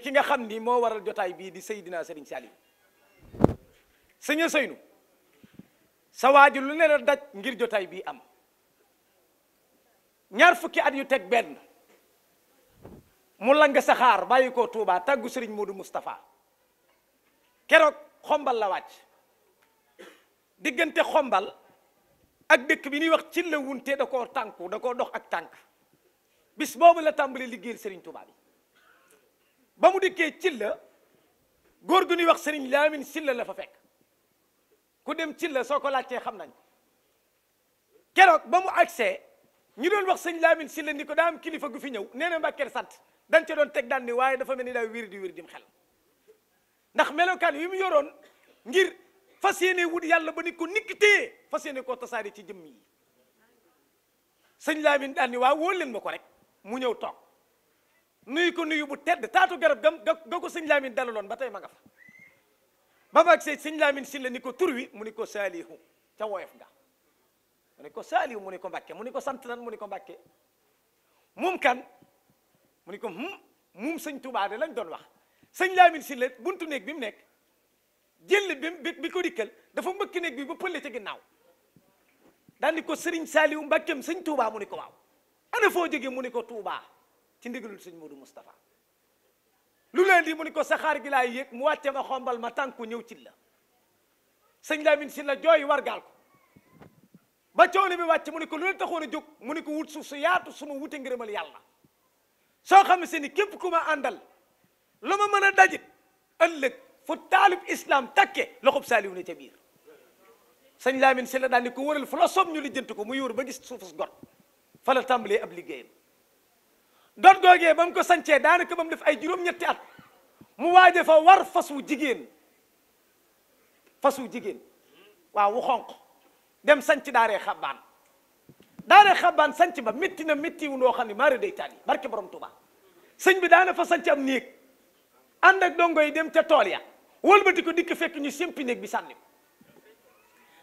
ki nga xam ni moo waral jotaay bii di Seydina Serigne Saliou sëñ Seynu sa waa lu ne la daj ngir jotaay bii am ñaar fukki at yu teg benn mu lang saxaar bàyyi ko Touba tàggu Serigne du Moustapha keroog xombal la wàcc diggante xombal ak dëkk bi ñuy wax ci la wunte da koo tànku da koo dox ak tànk bis boobu la tàmbali liggéeyal sëriñ Touba bi ba mu dikkee Cilla góor gu ñuy wax Serigne laamin Cilla la fa fekk ku dem Cilla soo ko laajtee xam nañ ko ba mu agsee ñu doon wax sëñ Lamine Cilla ni ko daa am kilifa gu fi ñëw nee na Mbàkke sant dañ ca doon teg daan ni waaye dafa mel ni daa wér di wér dim xel ndax melokaan yi mu yoroon ngir fas yéene wut yàlla ba ni ko nikki téye fas yéene koo tasaari ci jëmm yi sëñ Lamine daan ni waa wóol leen ma ko rek mu ñëw toog. nuyu ko nuyu bu tedd taatu garab gam ga ko sëñ Lamine dalaloon ba tey ma nga fa ba ma agsee sëñ Lamine la ni ko tur wi mu ni ko saalihu ca woyof ga mu ko saalihu mu ni ko mbàkke mu ni ko sant nan ni ko mbàkke mum kan mu ni ko hum mum sëñ Tuubaa de lañ doon wax sëñ Lamine si la buntu néeg bi mu nekk jël bi bi ko dikkal dafa mbëkk néeg bi ba pëlle ca ginnaaw daal ni ko sëriñ saalihu mbàkkem sëñ Tuubaa mu ni ko waaw ana foo jógee mu ni ko Tuubaa ci ndigalul sëñ Modou Moustapha lu leen di mu ni ko saxaar gi laay yéeg mu wàcce ma xombal ma tànku ñëw ci la laa Lamine si la jooy wargaal ko ba coono bi wàcc mu ni ko lu leen taxoon a jóg mu ni ko wut suuf su yaatu su ma wute ngërëmal yàlla soo xam se ni képp ku ma àndal lu ma mën a dajit ëllëg fu taalib islam takke loxob saaliw ne ca biir sëñ Lamine si la daal ni ko wëral fu la soom ñu lijjanti ko mu yóor ba gis suuf su got fa la tàmbalee ab liggéeyam doot googee ba mu ko sancee daanaka ba mu def ay juróom-ñetti at mu waaje fa war fas wu jigéen fas wu jigéen waaw wu xonq dem sanc daaree xabbaan daaree xabbaan sanc ba métti na métti wu ndoo xam ne maari day taal yi barke borom tuba sëñ bi daana fa sanc am néeg ànd dongo yi dem ca tool ya wëlbati ko dikk fekk ñu simpi néeg bi sànni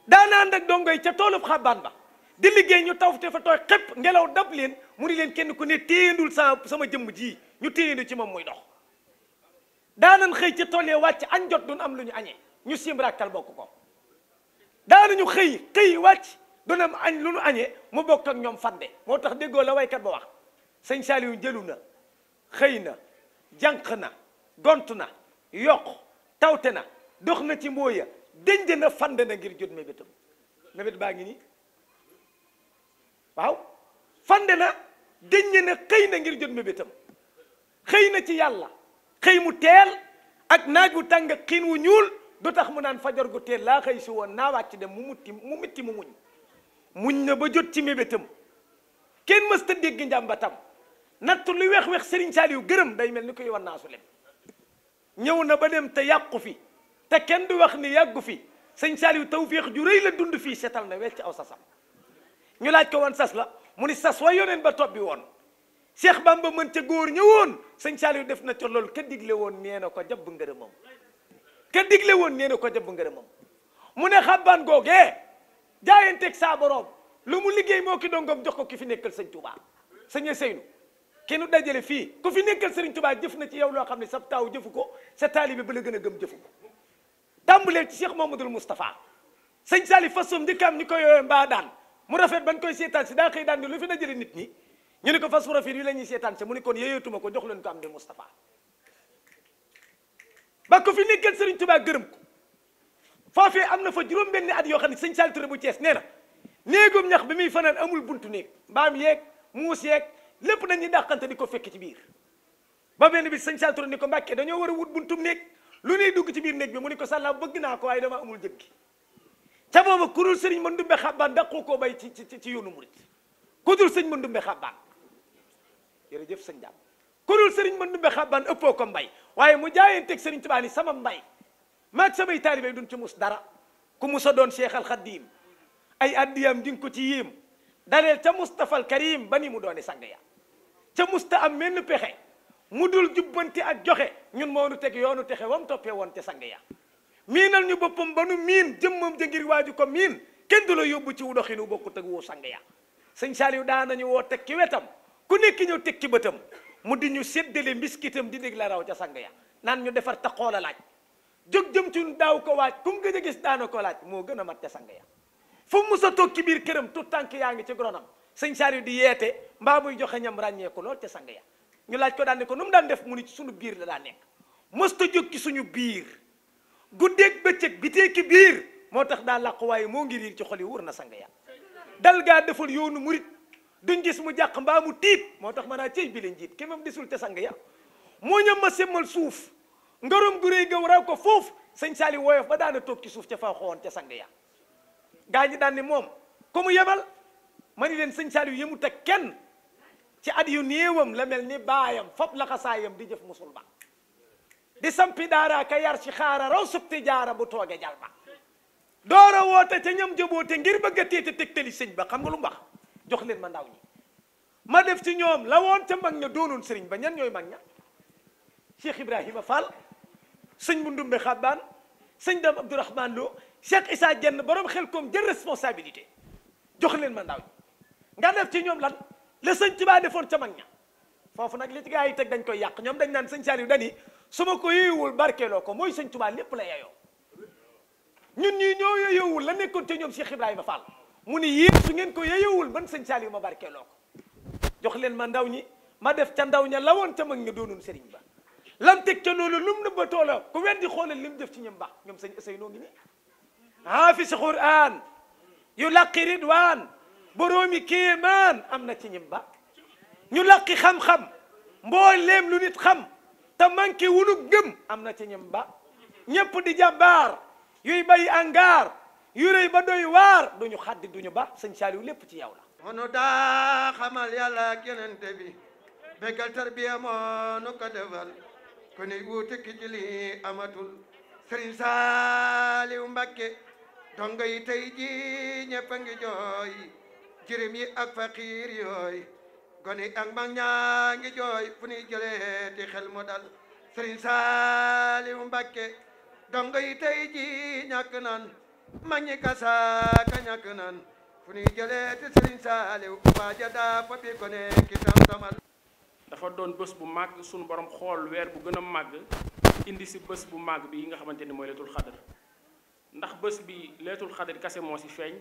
daana ànd ak dongo yi ca toolub xabbaan ba di liggéey ñu taw te fa tooy xëpp ngelaw dab leen mu ni leen kenn ku ne téyandul sa sama jëmm jii ñu téye téyandu ci moom muy dox daanan xëy ci tool wàcc añ jot duñ am lu ñu añee ñu simbraaktal bokk ko ñu xëy xëy wàcc duñ am añ lu ñu añee mu bokk ak ñoom fande moo tax déggoo la kat ba wax sëñ Saliou jëlu na xëy na jànq na gont na yokk tawte na dox na ci mbooya denc na fande na ngir jot mébétam mébét baa ngi nii waaw fande na deññe na xëy na ngir jot mébétam xëy na ci yàlla xëy mu teel ak naaj wu tàng xiin wu ñuul du tax mu naan fajar gu teel laa xëy si woon naa wàcc dem mu mutti mu mitti mu muñ muñ na ba jot ci mébétam kenn mës ta dégg njàmbatam nattu lu weex weex Serigne Saliou gërëm day mel ni koy wan naa su lem ñëw na ba dem te yàqu fi te kenn du wax ni yàggu fi sëñ Saliou tawféex ju rëy la dund fii setal na wecc aw sasam ñu laaj ko woon sas la mu ni sas wa yoneen ba tobbi woon Cheikh Bamba mën ca góor ñëwoon sëñ Saliou def na ca loolu ka digle woon nee na ko jabb ngërëmam ka digle woon nee na ko jabb ngërëmam mu ne xabbaan googee jaayanteeg saa borom lu mu liggéey moo ki dongom jox ko ki fi nekkal sëñ Touba sëñ Seynu ki nu dajale fii ku fi nekkal sëriñ Touba jëf na ci yow loo xam ne sab taaw jëfu ko sa taalibe ba la gën a gëm jëfu ko tàmbalee ci Cheikh Mamadou Moustapha sëñ Saliou fasoom njëkkaam ñu ko yooyee mbaa daan mu rafet bañ koy seetaan si daa xëy daan di lu fi dajale nit ñi ñu ne ko fas mu rafet yi la ñuy seetaan si mu ne kon yeyootuma ko jox leen ko am di Moustapha ba ko fi nekkal Serigne Touba gërëm ko foofee am na fa juróom-benni at yoo xam ne sëñ Saliou bu cees nee na néegum ñax bi muy fanaan amul buntu néeg mbaam yeeg muus yeeg lépp nañuy dàqante di ko fekk ci biir ba benn bi sëñ Saliou Touré ni ko Mbàkke dañoo war a wut buntum néeg lu ñuy dugg ci biir néeg bi mu ne ko sàllaa bëgg naa ko waaye dama amul jëggi ca booba ku dul sëriñ Mandumbe Xabbaan dàqu koo bay ci ci ci mu murit ku dul sëriñ Mandumbe Xabbaan jërëjëf sëñ Dame ku dul sëriñ Mandumbe Xabbaan ëppoo ko mbay waaye mu teg sëriñ Tuubaa ni sama mbay maag samay taalibe duñ ci mus dara ku musa doon Cheikh al ay addiyam di ko ci yéem daleel ca Mustafal Karim ba ni mu doone sang ya ca musta am menn pexe mu dul jubbanti ak joxe ñun moo nu teg yoonu texe mu toppee woon ca sang ya miinal ñu boppam ba nu miin jëmmam ja ngir waaju ko miin kenn du la yóbbu ci wu doxinu bokkut ak woo sang ya sëñ Saliou daa nañu woo teg ki wetam ku nekk ñëw teg ki bëtam mu di ñu séddale mbiskitam di dégg la raw ca sang naan ñu defar te xoola laaj jóg jëm ci daaw ko waaj ku mu gëj a gis daana ko laaj moo gën a mat ca sang ya fu mu sa biir këram tout tànk yaa ngi ci gronam sëñ yu di yeete mbaa muy joxe ñam ràññeeku lool ca sang ya ñu laaj ko daan ne ko nu mu daan def mu ni ci suñu biir la daa nekk mës ta jóg ci suñu biir guddeeg bëccëg bi teeki biir moo tax daa làqu moo ngi riir ci xol yi wóor na sang ya dal gaa defal yoonu murit duñ gis mu jàq mbaa mu tiit moo tax mën aa cey bi leen jiit kémam desul te sang ya moo ñam ma semmal suuf ngarom gu réy gaw raw ko foofu sëñ saali woyof ba daana toog ci suuf ca faa xoowoon ca sang ya gaa ñi daan ne moom ko mu yebal ma ni leen sëñ saali yemut ak kenn ci at yu néewam la mel ni baayam fab laxasaayam di jëf musul ba di sampi daara ka yar ci xaara raw subti jaara bu tooge jalba doora woote ca ñam jëboote ngir bëgg a téete tegtali sëñ ba xam nga lu mu wax jox leen ma ndaw ñi ma def ci ñoom la woon ca mag ña doonoon sëriñ ba ñooy mag ña Cheikh Ibrahima Fall sëñ bu ndumbe xabbaan sëñ dam Abdourahman Lo Cheikh Issa Dieng borom xel koom jël responsabilité jox leen ma ndaw nga def ci ñoom lan la sëñ Tuubaa defoon ca mag ña foofu nag li ci gaa yi teg dañ koy yàq ñoom dañ naan sëñ Saliou dani su ma ko yeyowul barkeeloo ko mooy sëñ Tuubaa lépp la yeyoo ñun ñii ñoo yeyowul la nekkoon ca ñoom Cheikh Ibrahima Fall mu ni yiit su ngeen ko yeyowul man sëñ Saliou ma barkeeloo ko jox leen ma ndaw ñi ma def ca ndaw ña la lawoon ca mag nga doonoon sëriñ ba lan teg ca loolu lum na ba toola ku weddi xoolal mu def ci ñëm baax ñoom sëñ Asay noo ngi nii haafis Quraan yu laqi ridwaan boroomi kéemaan am na ci ñëm baax ñu laqi xam-xam mbooleem lu nit xam ta manqué wunu gëm am na ci ñem ba ñëpp di jàmbaar yuy bay angaar yu rëy ba doy waar duñu xaddi duñu ba sëñ Saaliw lépp ci yow la monu daa xamal yàlla ak yenente bi bégal tarbiya moo nu ko defal ku ni wuute ki ci amatul sëriñ Saaliw Mbàkke dongo yi tey ji ñëpp ngi jooy jirim yi ak faqiir yooy goni ak mag ñaa ngi jooy fu ñuy jëlee ti xel mu dal Serigne Saliou Mbacké dongo yi tey ji ñàkk nan mag ñi kasaaka ñàkk nan fu ñuy jëlee ti Serigne Saliou waaja daa papi gone ki tam-tamal dafa doon bés bu màgg suñu borom xool weer bu gën a màgg indi si bés bu màgg bi yi nga xamante ni mooy leetul xadar ndax bés bi leetul xadar kase moo si feeñ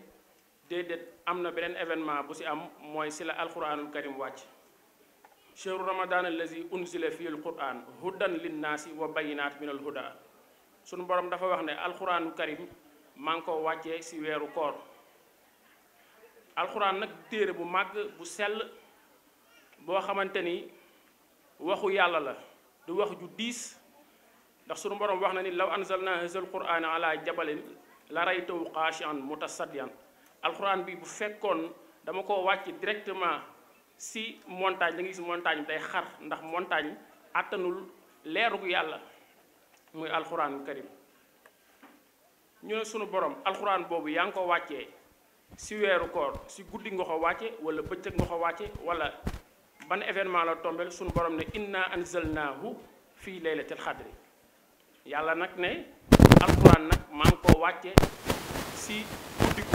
déedéet am na beneen événement bu ci am mooy si la alquranul karim wàcc cheru ramadan allazi unzila fi l quran hudan linnaasi wa bayinaat min al huda sunu borom dafa wax ne alquranul karim maa ngi ko wàccee ci weeru koor alquran nag téere bu màgg bu sell boo xamante ni waxu yàlla la du wax ju diis ndax sunu borom wax na ni law anzalna hazal qur'ana ala jabalin la raytahu xaashian mutasaddian alxuraan bi bu fekkoon dama ko wàcc directement si montagne da nga gis montagne bi day xar ndax montagne àttanul leerug yàlla muy alxuraan karim ñu sunu borom alxuraan boobu yaa ngi ko wàccee si weeru koor si guddi nga ko wàcce wala bëccëg nga ko wàcce wala ban événement la tombel sunu borom ne inna anzalnaahu fii laylatil xadri yàlla nag ne alxuraan nag maa ngi ko wàcce si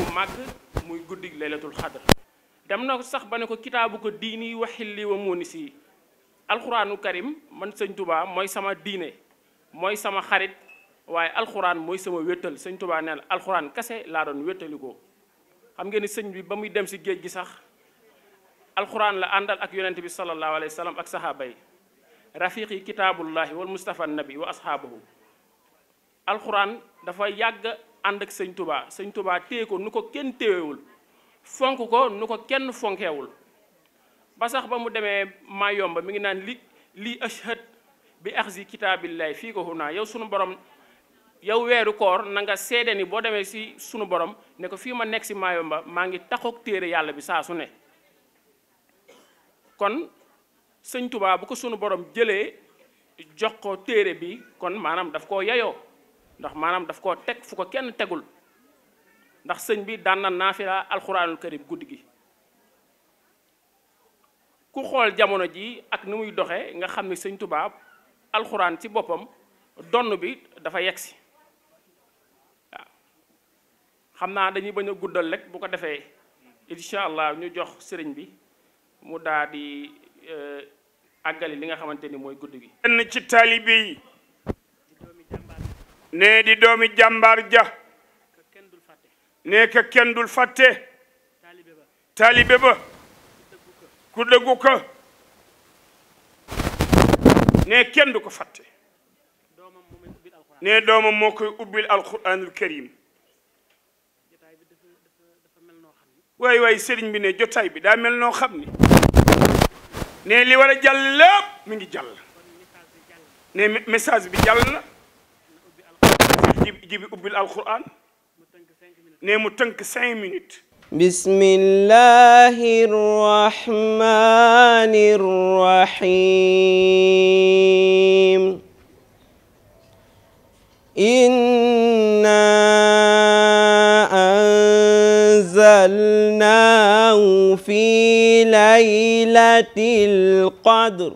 bu màgg muy guddig laylatul xadr dem na sax ba ne ko kitaabu ko diini waxil li wa mooni si alxuraanu karim man sëñ tubaa mooy sama diine mooy sama xarit waaye alxuraan mooy sama wéttal sëñ tubaa nee alxuraan kese laa doon wéttalikoo xam ngeen ni sëñ bi ba muy dem si géej gi sax alxuraan la àndal ak yonente bi sallallahu alayhi wa sallam ak sahaaba yi rafiqi kitaabullahi wal mustafa nabi wa alxuraan dafa yàgg ànd ak sañ tubaa sëñ tubaa téye ko nu ko kenn téewewul fonk ko nu ko kenn fonkewul ba sax ba mu demee maa yomba mi ngi naan li lii ashhad bi axzi kitaabillahi fii ko hunaa yow sunu borom yow weeru koor nanga nga ni boo demee si sunu borom ne ko fii ma nekk si maa yomba maa ngi taxoog téere yàlla bi saa su ne kon sëñ tubaa bu ko sunu borom jëlee jox ko téere bi kon maanaam daf koo yayoo ndax maanaam daf ko teg fu ko kenn tegul ndax sëñ bi daan na naafila alxuraanul karim guddi gi ku xool jamono ji ak ni muy doxee nga xam ni sëñ Tuubaa alxuraan ci boppam donn bi dafa yegsi waaw xam naa dañuy bañ a guddal rek bu ko defee incha allah ñu jox sëriñ bi mu daa di euh, àggali li nga xamante ni mooy guddi gi. kenn ci taalibe nee di doomi jàmbaar ja nee ka kenn dul fàtte taalibe ba ku dëggu ko nee kenn du ko fàtte nee doomam moo koy ubbil alquranul karim waay waay sëriñ bi ne jotaay bi daa mel noo xam ni nee li war a jàll lépp mi ngi jàll nee message bi jàll na digg bi ubbil inna anzalnahu fi laylatil qadr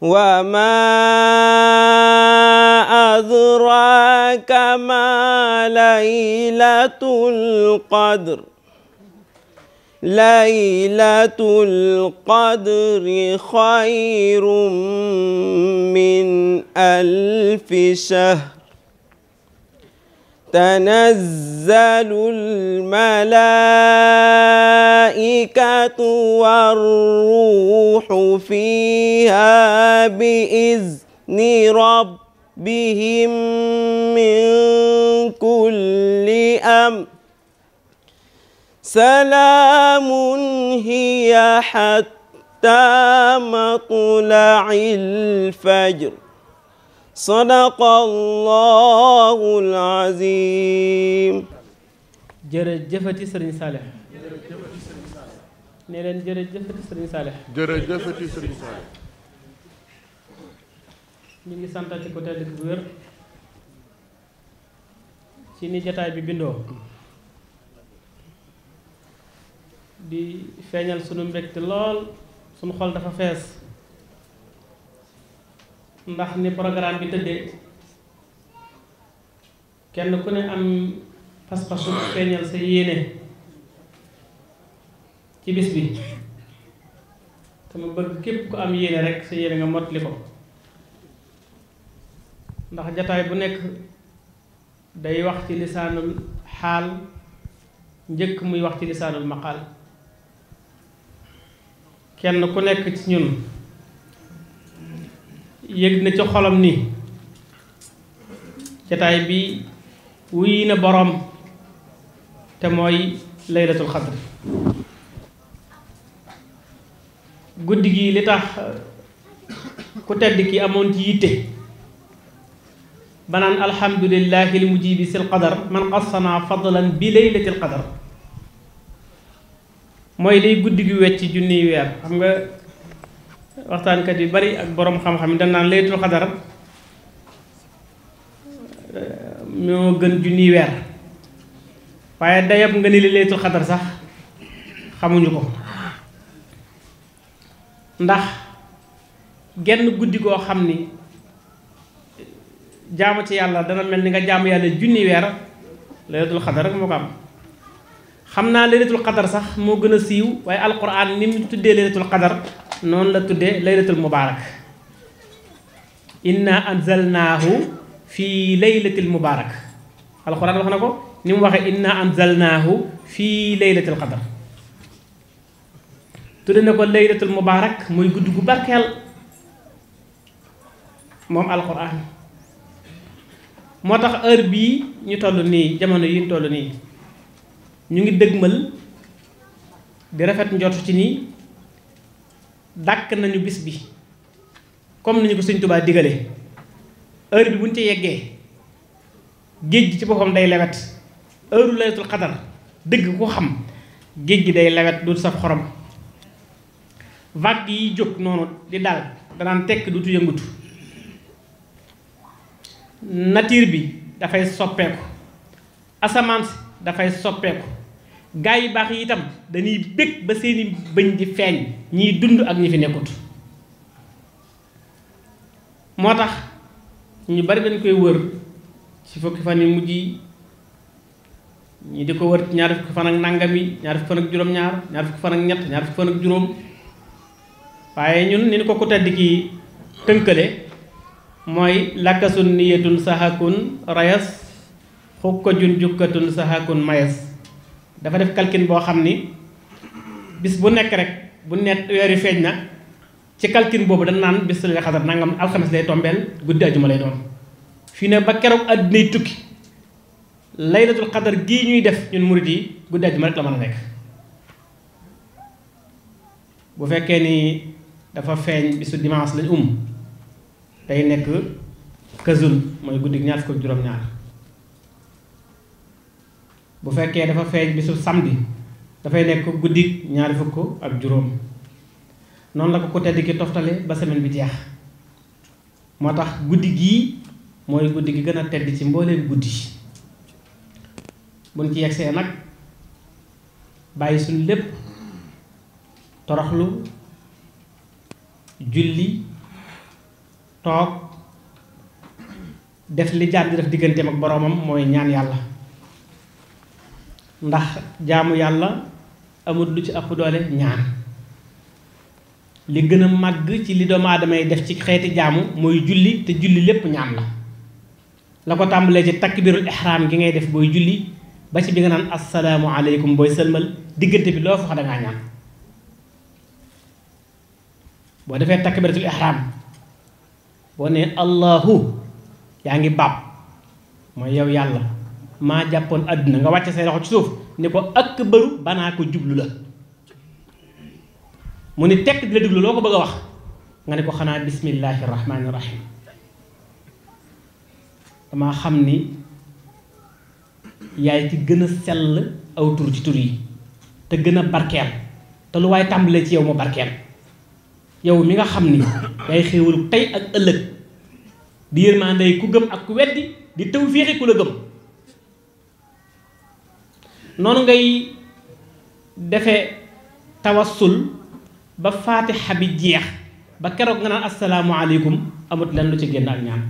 وما أدراك ما ليلة القدر ليلة القدر خير من ألف شهر تنزل الملائكة والروح فيها بإذن ربهم من كل أمر سلام هي حتى مطلع الفجر sadaqallaahu al-aziim. jërëjëfati sëriñ Saalix. jërëjëfati sëriñ Saalix. nee leen jërëjëfati sëriñ sëriñ Saalix. ñu ngi santati ko tedd bu wér. ci ni jataay bi bindoo. di feeñal sunu mbégte lool sunu xol dafa fees. ndax ni programme bi tëddee kenn ku ne am pas-pasu feeñal sa yéene ci bis bi te bëgg képp ku am yéene rek sa yéene nga mottali ko ndax jataay bu nekk day wax ci lisaanul xaal njëkk muy wax ci lisaanul maqaal kenn ku nekk ci ñun yëg na ci xolam ni jataay bi wuy na boroom te mooy laylatul xadr guddi gi li tax uh, ku tedd ki amoon ci yitte banaan alhamdulillahi li mujibi sil qadar man qassana fadlan bi laylatil qadar mooy de guddi gu wecc junniy weer xam nga waxtaankat yu bari ak boroom xam-xam yi dañ naan laytul xadar ñoo eh, gën junniy weer waaye dayab nga ni li laytul xadar sax xamuñu ko ndax genn guddi koo xam ni jaamu ci yàlla dana mel ni nga jaamu yàlla junni weer laylatul xadar rek moo ko am xam naa laylatul xadar sax moo gën a siiw waaye alquran ni mu tuddee laylatul xadar noonu la tuddee laylatul mubaarak inna anzalnaahu fii laylatil mubaarak alxuraan wax na ko ni mu waxee inna anzalnaahu fii laylatil qadar tudde na ko laylatul mubaarak muy gudd gu barkeel moom alxuraan moo tax heure bii ñu toll nii jamono yi ñu toll nii ñu ngi dëgmal di rafet njort ci nii dàkk nañu bis bi comme ni ñu ko sëñ Tuubaa digalee heure bi bu ñu ci yeggee géej gi ci boppam day lewet heure laylatul xadar dëgg ko xam géej gi day lawet du saf xorom vague yi jóg noonu di daal danaan tekk dutu yëngutu nature bi dafay soppeeku asamaan si dafay soppeeku gaa yu baax yi itam dañuy bég ba seeni bëñ di feeñ ñiy dund ak ñi fi nekkut moo tax ñu bari dañ koy wër ci fukki fan yu mujj yi ñi di ko wër ñaar fukki fan ak nàngam yi ñaar fukki fan ak juróom-ñaar ñaar fukki fan ak ñett ñaar fukki fan ak juróom waaye ñun ni ñu ko ku tedd ki tënkale mooy lakkasun niyatun sahakun rayas xukkajun jukkatun sahakun mayas dafa def calcul boo xam ni bis bu nekk rek bu nekk weer yi feeñ na ci calcul boobu dañ naan bis la xadar nangam alxames lay tombeel guddi ajuma lay doon fii ne ba keroog àddinay tukki laylatul xadar gii ñuy def ñun murid yi guddi ajuma rek la mën a nekk bu fekkee ni dafa feeñ bisu dimanche lañ um day nekk kësul mooy guddi ñaar ko juróom-ñaar bu fekkee dafa feeñ bisu samedi dafay nekk guddi ñaari fukk ak juróom noonu la ko ku tedd ki toftale ba semaine bi jeex moo tax guddi gii mooy guddi gi gën a tedd ci mbooleem guddi buñ ci yegsee nag bàyyi suñ lépp toroxlu julli toog def li jaar bi def digganteem ak boroomam mooy ñaan yàlla ndax jaamu yàlla amul lu ci ëpp doole ñaan li gën a màgg ci li doomu aadama def ci xeeti jaamu mooy julli te julli lépp ñaan la la ko tàmbalee ci takbirul ihram gi ngay def booy julli ba ci bi nga naan assalaamu aleykum booy sëlmal diggante bi loo fa da ñaan boo defee takbiratul ihram boo nee allahu yaa ngi baab mooy yow yàlla maa jàppoon àdduna nga wàcc say loxo ci suuf ni ko ak bëru banaa ko jublu la mu ne tekk di la loo ko bëgg a wax nga ne ko xanaa bismillahi rahmaani rahim xam ni yaay ci gën a sell aw tur ci tur yi te gën a barkeel te lu waaye tàmbalee ci yow mu barkeel yow mi nga xam ni yaay xéewal tey ak ëllëg di yërmaande ku gëm ak ku weddi di tawféexe ku la gëm noonu ngay defe tawassul ba faatixa bi jeex ba keroog nga naan asalaamualeykum amut lenn lu ci génn ak ñaan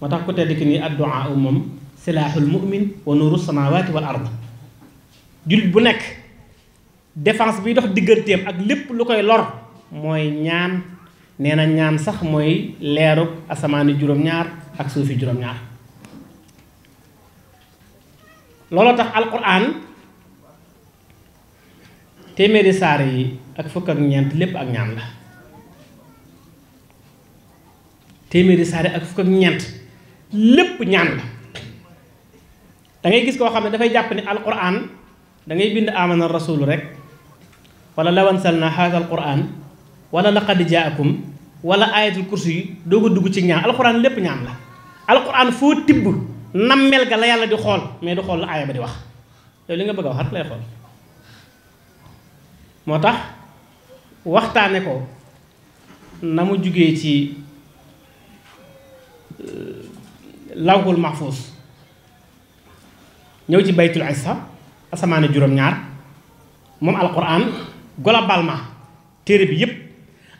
moo tax ku tedd ki ni adduaa moom silaaxul mumin wa nuuru samawaati wal ard jullit bu nekk défense bi dox digganteem ak lépp lu koy lor mooy ñaan nee na ñaan sax mooy leeru asamaani juróom-ñaar ak suufi juróom-ñaar looloo tax alquran téeméeri saar yi ak fukk ak ñeent lépp ak ñaan la téeméeri saar ak fukk ñeent lépp ñaan la da gis koo xam ne dafay jàpp ni alquran da ngay bind amana rasulu rek wala lawansalna haza alquran wala laqad jaakum wala ayatul kursi yi doog a dugg ci ñaan alquran lépp ñaan la alquran foo tibb nammel ga la yàlla di xool mais du xool la aaya a di wax yow li nga bëgg a wax rek lay xool moo tax waxtaane ko na mu jugee ci euh, lawhul mahfuus ñëw ci baytul isa asamaane juróom-ñaar moom alquran globalement téere bi yépp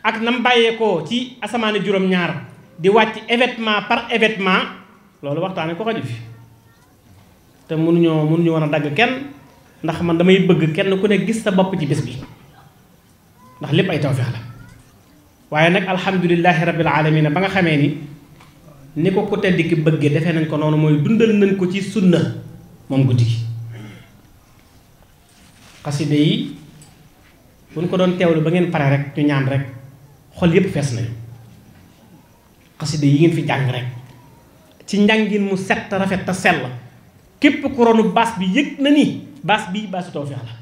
ak nam bàyyeekoo ci asamaane juróom-ñaar di wàcc événement par événement loolu waxtaane ko xaju fi te mënuñoo mënuñu war a dagg kenn ndax man damay bëgg kenn ku ne gis sa bopp ci bés bi ndax lépp ay tawfeex la waaye nag alhamdulilahi rabil alamina ba nga xamee ni ni ko ku tedd ki bëggee defee nañ ko noonu mooy dundal nañ ko ci sunna moom guddi gi xaside yi buñ ko doon teewlu ba ngeen pare rek ñu ñaan rek xol yépp fees nañu xaside yi ngeen fi jàng rek ci njàngin mu set rafet te sell képp ku ronu baas bi yëg na ni baas bii baasu tawfeex la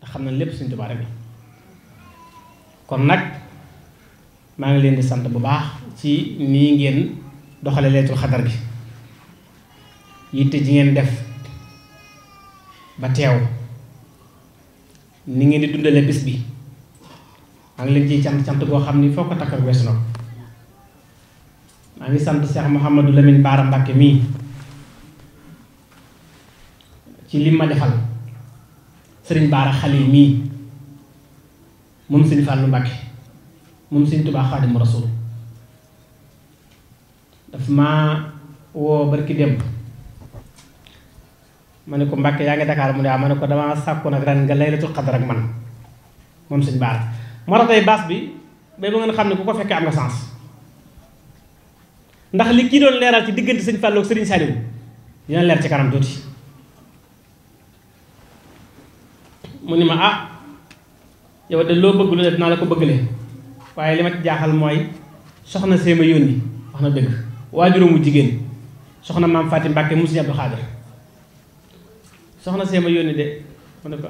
te xam na lépp Sëñ Tuubaa bi kon nag maa ngi leen di sant bu baax ci nii ngeen doxale leetul xadar gi yitte ji ngeen def ba teew ni ngeen di dundale bis bi maa ngi leen ciy cant cant boo xam ni foo ko takkal weesu na maa ngi sant Cheikh Mouhamadou Lamine Baara Mbacke mii ci lim ma defal sëriñ Baara Xalil mii moom sëriñ Fallou Mbacke moom sëriñ Touba Xaadimu Rasuul daf maa woo barki démb ma ne ko Mbacke yaa ngi Dakar mu ne ah, ma ne ko damaa sàkkoon ak ren nga laylatul xadar ak man moom sëriñ Baara moo tax baas bi ba ba ngeen xam ne ku ko fekkee am nga sens. ndax li kii doon leeral ci diggante seen Fallou ak sëriñ Saliou dina leer ci kanam tuuti mu ni ma ah yow de loo bëgg lu ne dinaa la ko bëggalee waaye li ma ci jaaxal mooy soxna Séema yónni wax na dëgg waa wu jigéen soxna maam Fatim Mbàkke mu sëñ Abdou Xaadir soxna Séema yónni de mu ne ko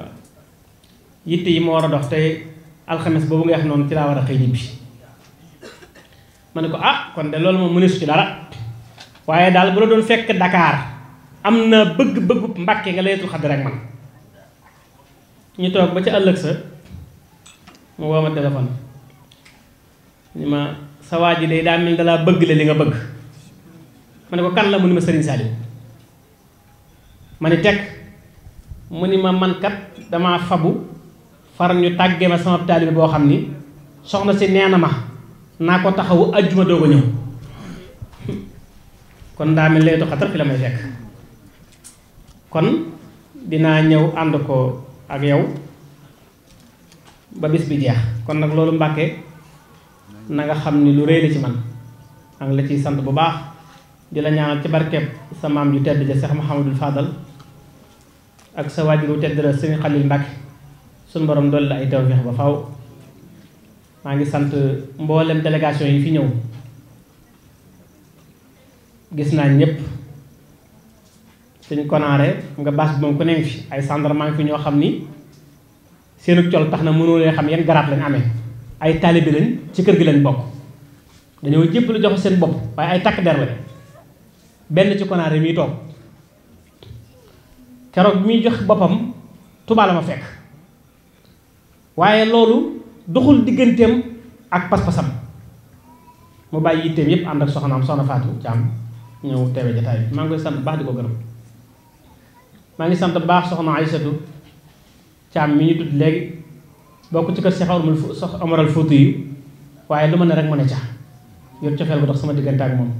yitte yi ma war a dox te alxames boobu nga wax noonu ci laa war a xëy ñibbi ma ne ko ah kon de loolu moom mu ne su ci dara waaye daal bu la doon fekk Dakar am na bëgg-bëggu Mbàkke nga laytul xaddi rek man ñu toog ba ca ëllëg sa mu woo ma téléphone ni ma sa waa ji day daa mel dalaa bëgg la li nga bëgg ma ne ko kan la mu ni ma Sëriñ Saliou ma ni teg mu ni ma mankat kat damaa fabu far ñu tàggee ma sama taalibe boo xam ni soxna si nee ma naa ko taxawu ajjuma doog a ñëw kon daa mel laytu xatar fi la may fekk kon dinaa ñëw ànd ko ak yow ba bis bi jeex kon nag loolu mbàkke na nga xam ni lu rëy la ci man maa la ciy sant bu baax di la ñaanal ci barkeeb sa maam ju tedd ja Seex Muhammadul Fadal ak sa waajur wu tedd la Sëriñ Xalil Mbàkke suñu borom dool la ay tawfeex ba faw maa ngi sant mboolem délégation yi fi ñëw gis naa ñëpp suñ konaare nga baas bi moom ku nekk fi ay gendarme fi ñoo xam ni seenu col tax na mënoo leen xam yan garaat lañ amee ay taalibe lañ ci kër gi lañ bokk dañoo jépp lu jox seen bopp waaye ay takk der lañ benn ci konaare mi toog keroog bi muy jox boppam Tuubaa la ma fekk waaye loolu doxul digganteem ak pas-pasam mu bàyyi yitteem yëpp ànd ak soxnaam soxna Fatou Thiam ñëw teewe jataay bi maa ngi koy sant baax di ko gërëm maa ngi sant baax soxna Aysatu Thiam mi ñu tudd léegi bokk ci kër Cheikh Omar al yi waaye lu ma ne rek ma ne ca yor cofeel bu dox sama diggante ak moom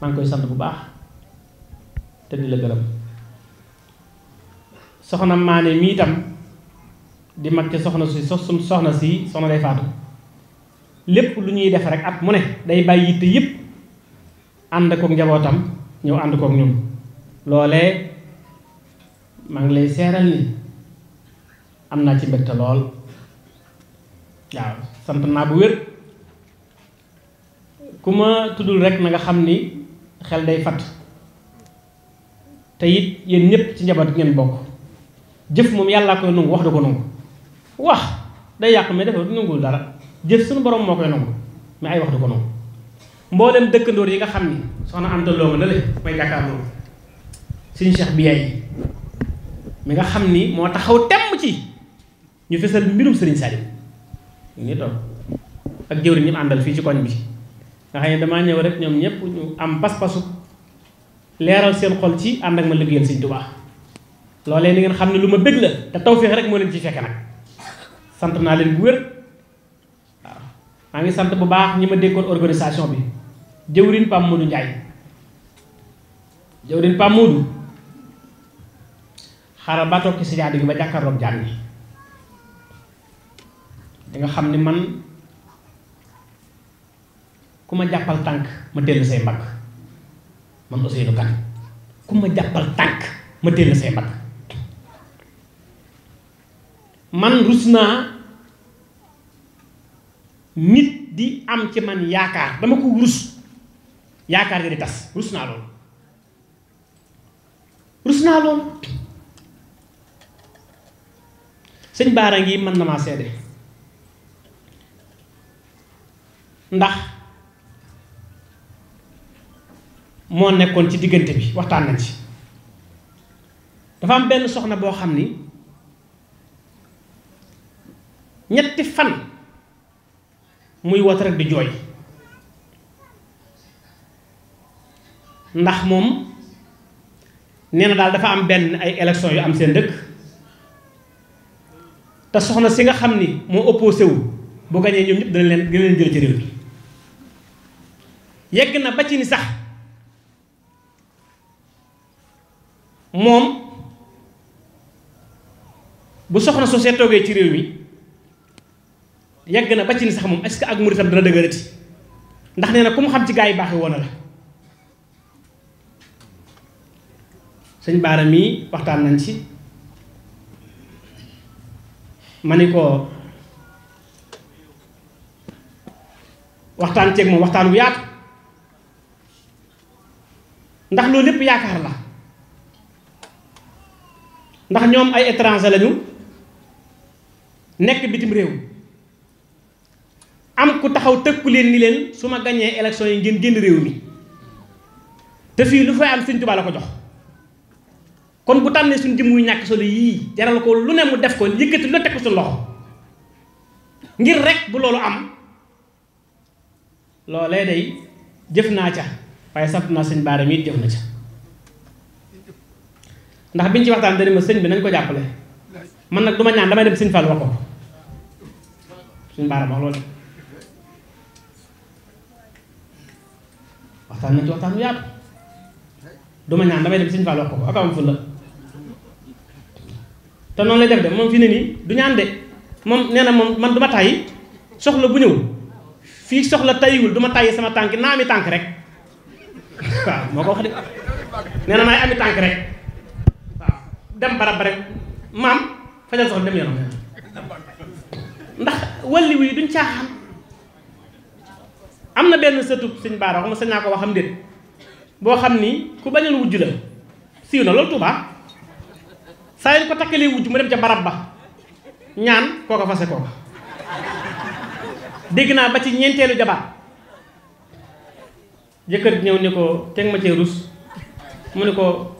maa ngi koy sant bu baax te di la gërëm soxna Maane mi itam di mag ci soxna si soxna si soxna day faatu lépp lu ñuy def rek at mu ne day bàyyi yitte yëpp ànd kook njabootam ñëw ànd kook ñun loolee maa ngi lay seeral ni am naa ci mbégte lool waaw sant naa bu wér ku ma tuddul rek na nga xam ni xel day fatt te it yéen ñëpp ci njaboot ngeen bokk jëf moom yàllaa koy nangu wax da ko nangu wax day yàq mais dafa nanguwul dara jël suñu borom moo koy nangu mais ay wax du ko nangu mboolem dëkkandoor yi nga xam ni soxna Anta Lo nga la may jàkkaarloo suñu cheikh bi yaay mi nga xam ni moo taxaw temm ci ñu fesal mbirum Serigne Salim ñu ngi toog ak jëwriñ ñi àndal fii ci koñ bi nga xam ne damaa ñëw rek ñoom ñëpp ñu am pas-pasu leeral seen xol ci ànd ak ma liggéeyal Serigne Touba loolee ni ngeen xam ne lu ma bëgg la te tawféex rek moo leen ci fekk nag. sant naa leen bu wér waaw maa ngi sant bu baax ñi ma dékkoon organisation bi jëwrin Pam Modou Ndiaye jëwrin Pam Modou xaaral ba toog ci sijaada gi ba jàkkaarloog jaan yi di nga xam ni man ku ma jàppal tànk ma teel say mbagg man Ousseynou Kane ku ma jàppal tànk ma say mbagg man rus naa nit di am ci man yaakaar dama ko rus yaakaar ja di tas rus naa loolu rus naa loolu sëñ baara ngi mën na maa seede ndax moo nekkoon ci diggante bi waxtaan nañ ci dafa am benn soxna boo xam ni ñetti fan muy wat rek di jooy ndax moom nee na daal dafa am benn ay élection yu am seen dëkk te soxna si nga xam ni moo opposé wu bu gañee ñoom ñëpp dina leen dina leen ci réew mi yegg na ba ci ni sax moom bu soxna soo see toogee ci réew mi yegg na ba ci ni sax moom est-ce que ak muritam dana dëgërati ndax nee na ku mu xam ci gaa yi baax yi woon la sëñ Baara mii waxtaan nañ ci ma ni ko waxtaan ceeg moom waxtaan wu yaatu ndax loolu lépp yaakaar la ndax ñoom ay étranger lañu nekk bitim réew am ku taxaw tëkku leen ni leen su ma gañee élection yi ngeen génn réew mi te fii lu fay am Sëñ Tuubaa la ko jox kon bu tànnee suñ jëm muy ñàkk solo yii jaral ko lu ne def ko yëkkati lu teg ko suñ ngir rek bu loolu am loolee day jëf naa ca waaye sant naa sëñ baaram it jëf na ca ndax biñ ci waxtaan dañu ma sëñ bi nañ ko jàppale man nag du ma ñaan damay dem sëñ Fall wax ko suñ baaram wax loolu waxtaan nañ ci waxtaan bu yaatu du ma ñaan damay dem sëñ Fall wax ko ko ak am fu la te noonu lay def de moom fi ne nii du ñaan de moom nee na moom man du ma tàyyi soxla bu ñëw fii soxla tayiwul du ma tàyyi sama tànk naa ami tànk rek waaw moo ko wax de nee na naay ami tànk rek dem barab ba maam fajal soxla dem yoonam ndax walli wi duñ caaxaan am na benn sëtub sëñ Baara wax ma sëñ naa ko waxam déet boo xam ni ku bañoon wujj la siiw na loolu Tuubaa saa yi ko takkalee wujj mu dem ca barab ba ñaan kooka fase kooka dégg naa ba ci ñeenteelu jabar jëkkër ñëw ni ko teg ma cee rus mu ne ko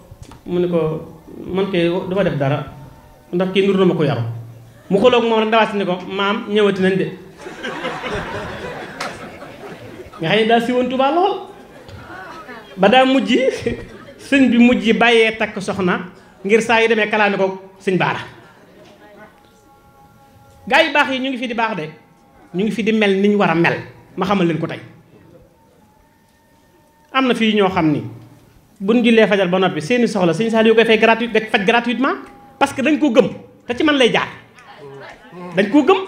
mu ne ko man kay du def dara ndax kii nur na ma ko yaru mu xoloog moom rek dawaat si ni ko maam ñëwati nañ de nga xam ne daa siiwoon Tuubaa lool ba daa mujj sëñ bi mujj bàyyee takk soxna ngir saa yu demee kalaane ko sëñ baara gaa yu baax yi ñu ngi fi di baax de ñu ngi fi di mel ni ñu war a mel ma xamal leen ko tey am na fii ñoo xam ni bu ñu jullee fajar ba noppi seeni soxla sëñ Saliou koy fay gratuit faj gratuitement parce que dañ koo gëm te ci man lay jaar dañ koo gëm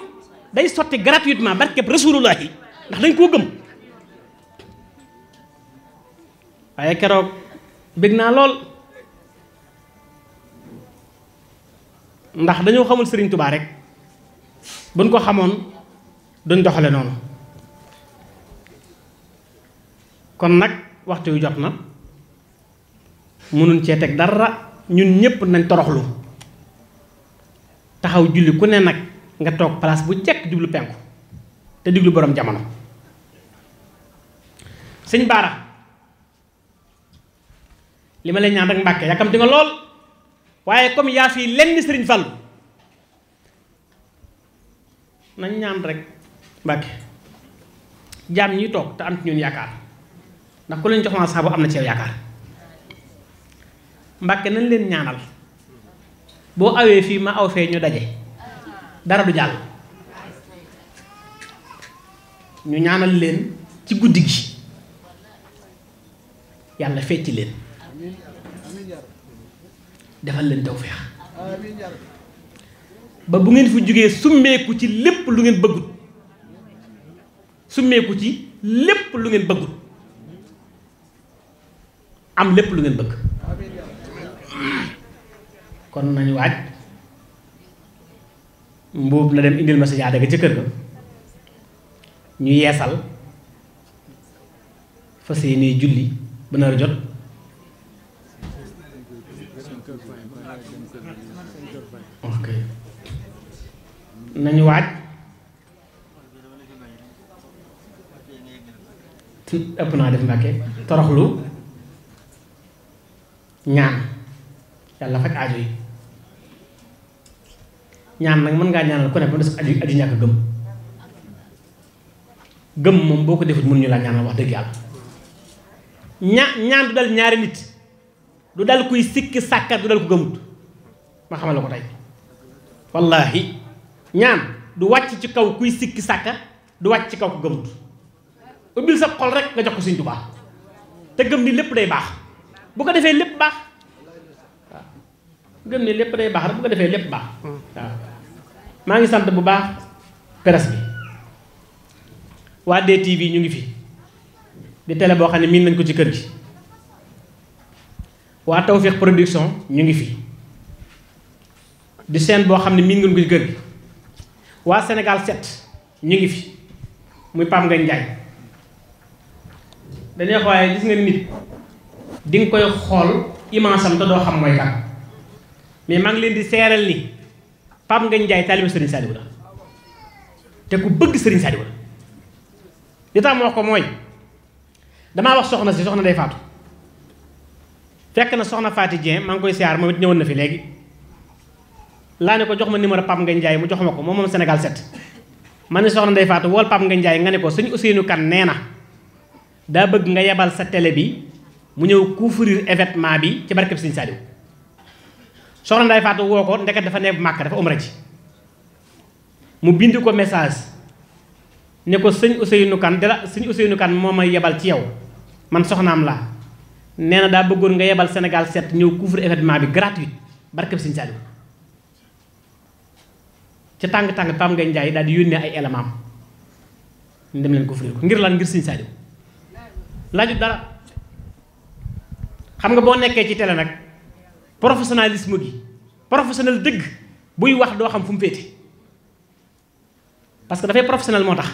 day sotti gratuitement barkeb Rasulullah yi ndax dañ koo gëm waaye keroog bég naa lool ndax dañoo xamul sëriñ tubaa rek buñ ko xamoon duñ doxale noonu kon nag waxtu yu jot na mënuñ cee teg dara ñun ñëpp nañ toroxlu taxaw julli ku ne nag nga toog place bu jekk jublu penku te diglu boroom jamono sëñ Baara li ma lay ñaan rek mbàkke yàkkamti nga lool waaye comme yaa fii lenn sëriñ Fallu nañ ñaan rek mbàkke jaam ñi toog te am ci ñun yaakaar ndax ku leen jox ma saabu am na ci yow yaakaar mbàkke nañ leen ñaanal boo awee fii ma aw fee ñu daje dara du jàll ñu ñaanal leen ci guddi gi yàlla fecc leen defal leen tawfeex ba bu ngeen fi jógee summeeku ci lépp lu ngeen bëggut summeeku ci lépp lu ngeen bëggut am lépp lu ngeen bëgg kon nañu waaj mbuub la dem indil ma sa yaa daga ca ñu yeesal fas yéene julli ba nar jot nañu waaj ëpp naa def mbàkke toroxlu ñaan yàlla faj aajo yi ñaan nag mën ngaa ñaanal ku ne ba mu aju ñàkk gëm gëm moom boo ko defut mënuñu laa ñaanal wax dëgg yàlla ñaa- ñaan du dal ñaari nit du dal kuy sikki sàkkat du dal ku gëmut ma xamal la ko tey wallaahi ñaan du wàcc ci kaw kuy sikki sàkka du wàcc ci kaw ko gëmut ubbil sab xol rek nga jox ko Sëñ Tuubaa te gëm ni lépp day baax bu ko defee lépp baax waaw gëm ni lépp day baax rek bu ko defee lépp baax waaw maa ngi sant bu baax presse bi waa DTV ñu ngi fi di tele boo xam ne miin nañ ko ci kër gi waa Tawfekh Production ñu ngi fi di chaîne boo xam ne miin ngeen ko ci kër gi waa Sénégal set ñu ngi fi muy Pape Ngagne Ndiaye dañuy xoolee gis nga nit di nga koy xool image am te doo xam mooy kan mais maa ngi leen di seeral ni Pape Ngagne Ndiaye taalibe Serigne Saliou la te ku bëgg Serigne Saliou la li tax ma wax ko mooy damaa wax soxna si soxna day faatu fekk na soxna Faati Dieng maa ngi koy siyaar moom it ñëwoon na fi léegi. laa ne ko jox ma numéro Pape nga Ndiaye mu jox ma ko moom moom Sénégal 7 ma ne soxna Ndeye Fatou wool Pape Ngagne nga ne ko suñu Ousseynou Kane nee na daa bëgg nga yebal sa télé bi mu ñëw couvrir événement bi ci barkeb Sëñ Saliou soxna Ndeye Fatou woo ko dafa ne màkk dafa umra ji mu bind ko message ne sëñ Ousseynou Kane dala sëñ Ousseynou Kane moo yebal ci yow man soxnaam laa nee na daa bëggoon nga yebal Sénégal 7 ñëw couvrir événement bi gratuit barkeb Sëñ Saliou ca tàng-tàng Pam Ngagne Ndiaye daal di yónnee ay élément am dem leen ko firi ko ngir lan ngir Sëñ Saaliw laajut dara xam nga boo nekkee ci tele nag professionnalisme gi professionnel dëgg buy wax doo xam fu mu féete parce que dafay professionnel moo tax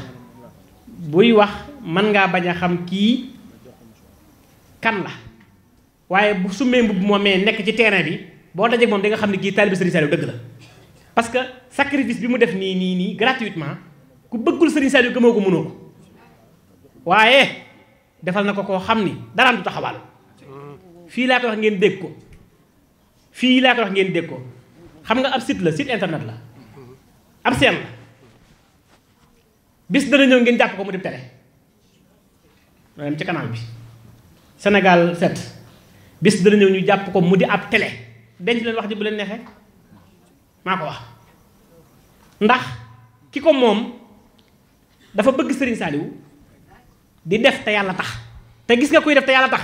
buy wax man ngaa bañ a xam kii kan la waaye bu summee mbubb moomee nekk ci terrain bi boo dajee moom di xam ne kii taalibe Sëriñ Saaliw dëgg la parce que sacrifice bi mu def nii nii nii gratuitement ku bëggul Serigne Saliou gëmoo ko mënoo ko waaye defal na ko koo xam ni daraam du taxawal fii laa ko wax ngeen dégg ko fii laa ko wax ngeen dégg ko xam nga ab site la site internet la ab seen la bis dana ñëw ngeen jàpp ko mu di télé dem ci canal bi Sénégal 7 bis dana ñëw ñu jàpp ko mu di ab tele denc leen wax ji bu leen neexee maa wax ndax ki ko moom dafa bëgg sëriñ saaliwu di def te yàlla tax te gis nga koy def te yàlla tax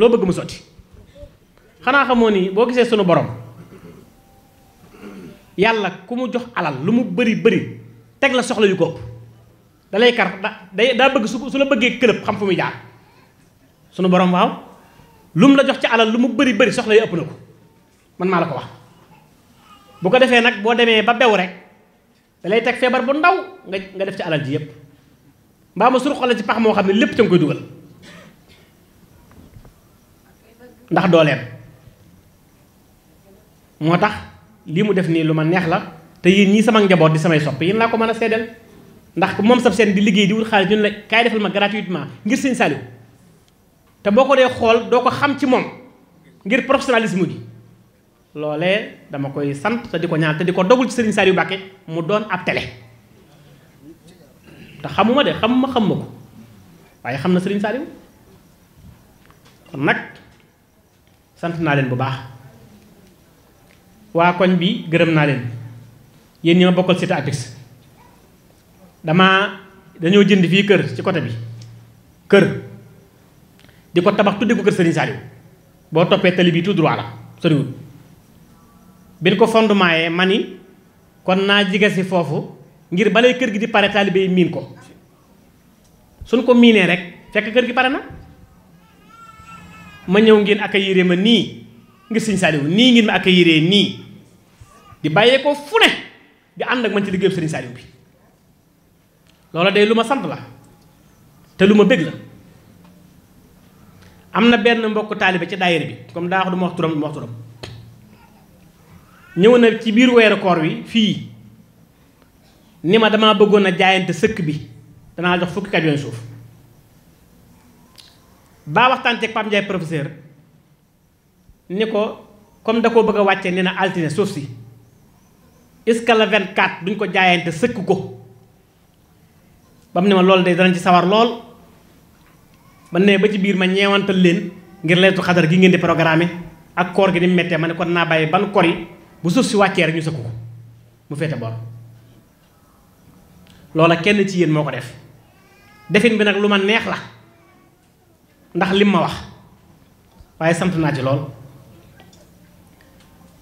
loo bëgg mu sotti xanaa xamoo nii boo gisee sunu boroom yàlla ku mu jox alal lu mu bëri bëri teg la soxla yu ko ëpp da kar da day daa bëgg su su la bëggee këlëb xam fu muy jaar sunu borom waaw lu mu la jox ci alal lu mu bëri bëri soxla yu ëpp na ko man maa la ko wax bu ko defee nag boo demee ba bew rek dalay teg feebar bu ndaw nga nga def ci alal ji yépp mbaa ma surux la ci pax moo xam ne lépp ca nga koy dugal ndax dooleem moo tax lii mu def nii lu ma neex la te yéen ñii sama njaboot di samay sopp yéen laa ko mën a seddal ndax moom sab seen di liggéey di wut xaalis ñun la kaay defal ma gratuitement ngir sëñ Saliou te boo ko dee xool doo ko xam ci moom ngir professionnalisme gi loole dama koy sant te di ko ñaan te di ko dogul ci Serigne Saliou Mbacké mu doon ab tele te xamuma de xam ma xam ma ko waaye xam na sëriñ Saliou kon nag sant naa leen bu baax waa koñ bi gërëm naa leen yéen ñi ma bokkal cité Apix damaa dañoo jënd fii kër ci côté bi kër di ko tabax tudde ko kër Serigne Saliou boo toppee tali bi tout droit la soriwul bi ko fondement yee mani kon naa jige si foofu ngir balay kër gi di pare taalibe miin ko suñ ko miinee rek fekk kër gi pare na ma ñëw ngeen ak yére ma nii ngir sëñ Saliou nii ngeen ma ak yére nii di bàyyee ko fu ne di ànd ak man ci liggéeyam sëriñ Saliou bi loola de lu ma sant la te lu ma bëgg la am na benn mbokk taalibe ci daayira bi comme daa wax du ma wax turam du ma wax turam ñëw na ci biir weeru koor wi fii ni ma damaa bëggoon a jaayante sëkk bi danaa jox fukki camion suuf baa waxtaan ceeg Pape Ndiaye professeur ni ko comme da koo bëgg a wàcce nee na altine suuf si est-ce que le 24 duñ ko jaayante sëkk ko ba mu ne ma loolu de danañ ci sawar lool ba ne ba ci biir ma ñeewantal leen ngir leetu xadar gi ngeen di programme ak koor gi ni mu méttee ma ne kon naa bàyyi ban kor yi bu suuf si wàccee rek ñu sëkku ko mu féete bor loola kenn ci yéen moo ko def defin bi nag lu ma neex la ndax lim ma wax waaye sant naa ci lool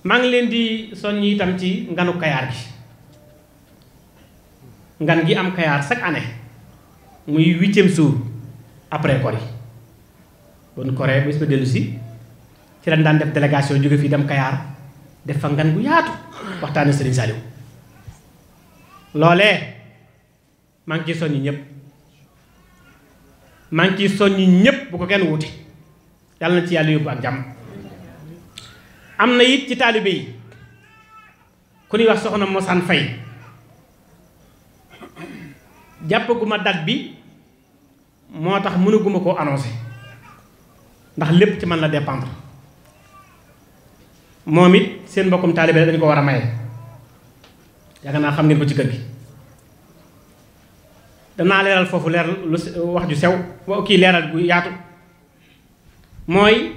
maa ngi leen di soññ itam ci nganu kayaar gi ngan gi am kayaar chaque année muy huitième jour après kor yi bon koré bis ma dellusi ci leen daan def délégation jóge fii dem kayaar def fa ngan bu yaatu waxtaane Serigne Saliou loolee maa ngi ciy soññi ñëpp maa ngi ciy soññi ñëpp bu ko kenn wuti yàlla na ci yàlla yóbbu ak jàmm am na it ci taalibe yi ku ñuy wax soxna Mosaan Fay jàppaguma date bi moo tax mënaguma koo annoncé ndax lépp ci man la dépendre moom it seen mbokkum taalibe dañu ko war a maye yaakaar naa xam ngeen ko ci kër gi danaa leeral foofu leer lu wax ju sew kii leeral bu yaatu mooy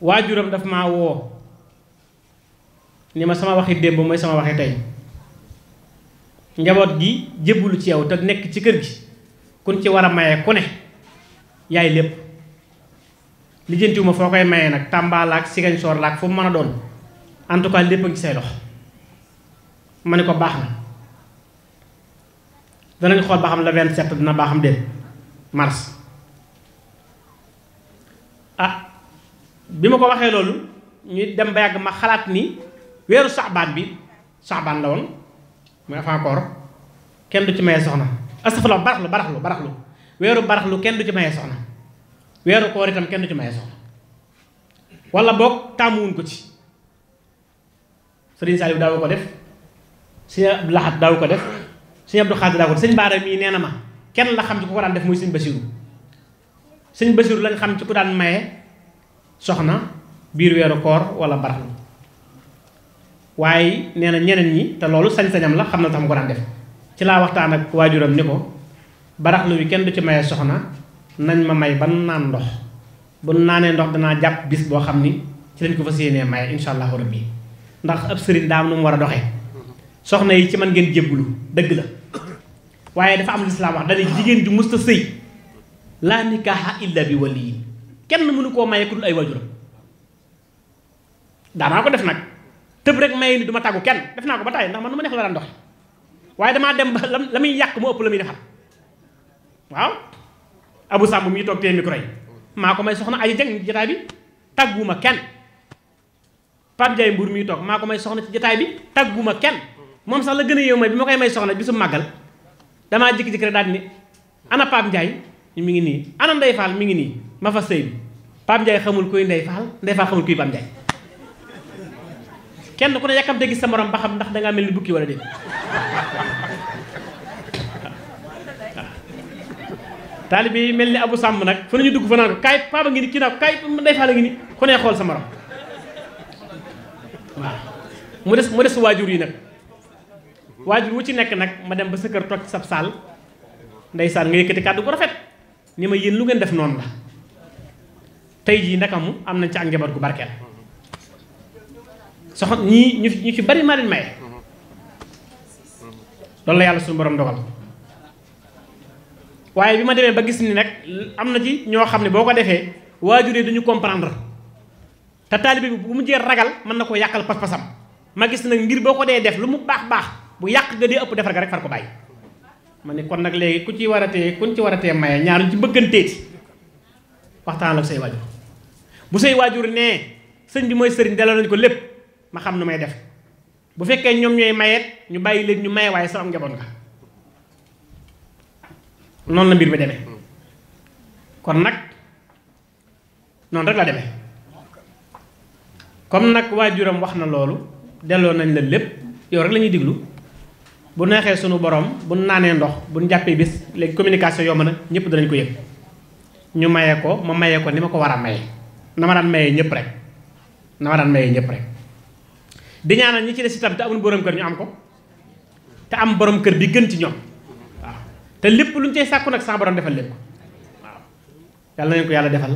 waajuram dafa ma woo ni ma sama waxi démb mooy sama waxi tey njaboot gi jébbalu ci yow te nekk ci kër gi kun ci war a maye ku ne yaay lépp lijjantiwuma foo koy mayee nag Tamba la ak Ziguinchor la ak fu mu mën a doon en tout cas lépp a ngi say loxo ma ne ko baax na danañ xool ba xam le 27 dina baaxam de déet mars ah bi ma ko waxee loolu ñuy dem ba yàgg ma xalaat ni weeru saxbaan bi saxbaan la woon muy avant koor kenn du ci mayee soxna astafurlah baraxlu baraxlu baraxlu weeru baraxlu kenn du ci mayee soxna weeru koor itam kenn du ci maye soxla wala boog tàmmuwuñ ko ci sëriñ Saliou daaw ko def sëriñ Abdou Lahad daaw ko def sëriñ Abdou Khadre daaw ko def sëriñ Baara mii nee na ma kenn la xam ci ko daan def muy sëriñ Basiru sëriñ Basiru lañ xam ci ku daan maye soxna biir weeru koor wala baral waaye nee na ñeneen ñi te loolu sañ-sañam la xam na tax mu ko daan def ci laa waxtaan ak waajuram ni ko baraxlu wi kenn du ci maye soxna nañ ma may ban naan ndox bu naanee ndox danaa jàpp bis boo xam ni ci lañ ko fas yéenee may incha allahu rabbi ndax ab sëriñ daam nu war a doxee soxna yi ci man ngeen jébbalu dëgg la waaye dafa am lislaam wax dana jigéen ju musta sëy laa nikaaha illa bi waliyi kenn mënu koo maye ku dul ay wajuram ko def nag tëb rek maye ni du ma tàggu kenn def naa ko ba tàyyi ndax man nu ma neex la daan doxe waaye damaa dem ba la muy yàq mu ëpp la muy defar waaw Abou Samb mi toog tee micro yi oh. maa ko may soxna aji jag ci jataay bi tàgguma kenn Pape Ndiaye Mbour mi toog maa ko may soxna ci jataay bi tàgguma kenn oh. moom sax la gën a yéew may bi ma koy may soxna bisu màggal damaa jékki-jékki rek daal ni ana Pape Ndiaye mi ngi nii ana Ndeye Fall mi ngi nii ma fa sëy bi Pape Ndiaye xamul kuy Ndeye Fall Ndeye Fall xamul kuy Pape Ndiaye kenn ku ne yàkkamte gis sa morom ba xam ndax dangaa mel ni bukki wala déet taalibe yi mel ni abu sàmm nag fu nañu dugg fa ko kaay paaba ngi ni kii naa ko kaay day faala ngi ni ku ne xool sa morom waaw mu des mu des waajur yi nag waajur wu ci nekk nag ma dem ba sa kër toog ci sab saal ndeysaan nga yëkkati kàddu bu rafet ni ma yéen lu ngeen def noon la tey jii ndakamu am na ci ak njaboot gu barkeel soxna ñii ñu ñu ci bari maa leen maye loolu la yàlla suñu borom dogal waaye bi ma demee ba gis ni nag am na ci ñoo xam ne boo ko defee waajur yi duñu comprendre te taalibe bi bu mu jee ragal mën na ko yàqal pas-pasam ma gis nag mbir boo ko dee def lu mu baax baax bu yàq ga dee ëpp defar ga rek far ko bàyyi ma ne kon nag léegi ku ci war a tee kuñ ci war a tee maye ñaar ñu ci bëgganteeti waxtaan ak say waajur bu say waajur nee sëñ bi mooy sëriñ delloo nañ ko lépp ma xam nu may def bu fekkee ñoom ñooy mayeet ñu bàyyi leen ñu maye waaye sa am njaboot noonu la mbir mi demee kon nag noonu rek la demee comme nag waa waajuram wax na loolu delloo nañ la lépp yow rek la ñuy diglu bu neexee sunu borom bu naanee ndox bu ñu bés bis léegi communication yomb na ñëpp danañ ko yëg ñu mayee ko ma mayee ko ni ma ko war a maye na ma daan maye ñëpp rek na ma daan mayee ñëpp rek. di ñaanal ñi ci des itam te amul borom kër ñu am ko te am borom kër bi gën ci ñoom. te lépp lu ñu cay sàkku nag sama defal leen ko waaw yàlla na leen ko yàlla defal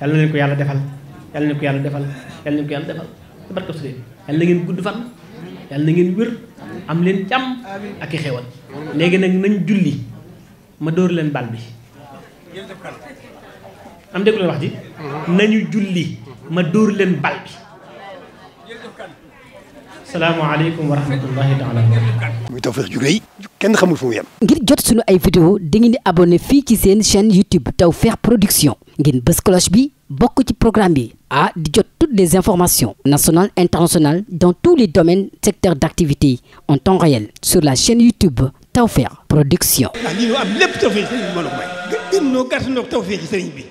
yàlla na leen ko yàlla defal yàlla na leen ko yàlla defal yàlla na leen ko yàlla defal yàlla na ngeen gudd fan yàlla na ngeen wér am leen jàmm ak i xewal léegi nag nañ julli ma dóor leen bal bi am dégg leen wax ji nañu julli ma dóor leen bal bi salaamaaleykum wa rahmatullahi taala muy Tawfekh ju kenn xamul fu mu ngir jot sunu ay vidéo dangeen di abonné fii ci seen chaîne YouTube Tawfekh Production ngeen bës cloche bi bokk ci programme bi ah di jot toutes des informations national internationales dans tous les domaines secteurs d'activité en temps réel sur la chaîne YouTube Tawfekh Production. ah lii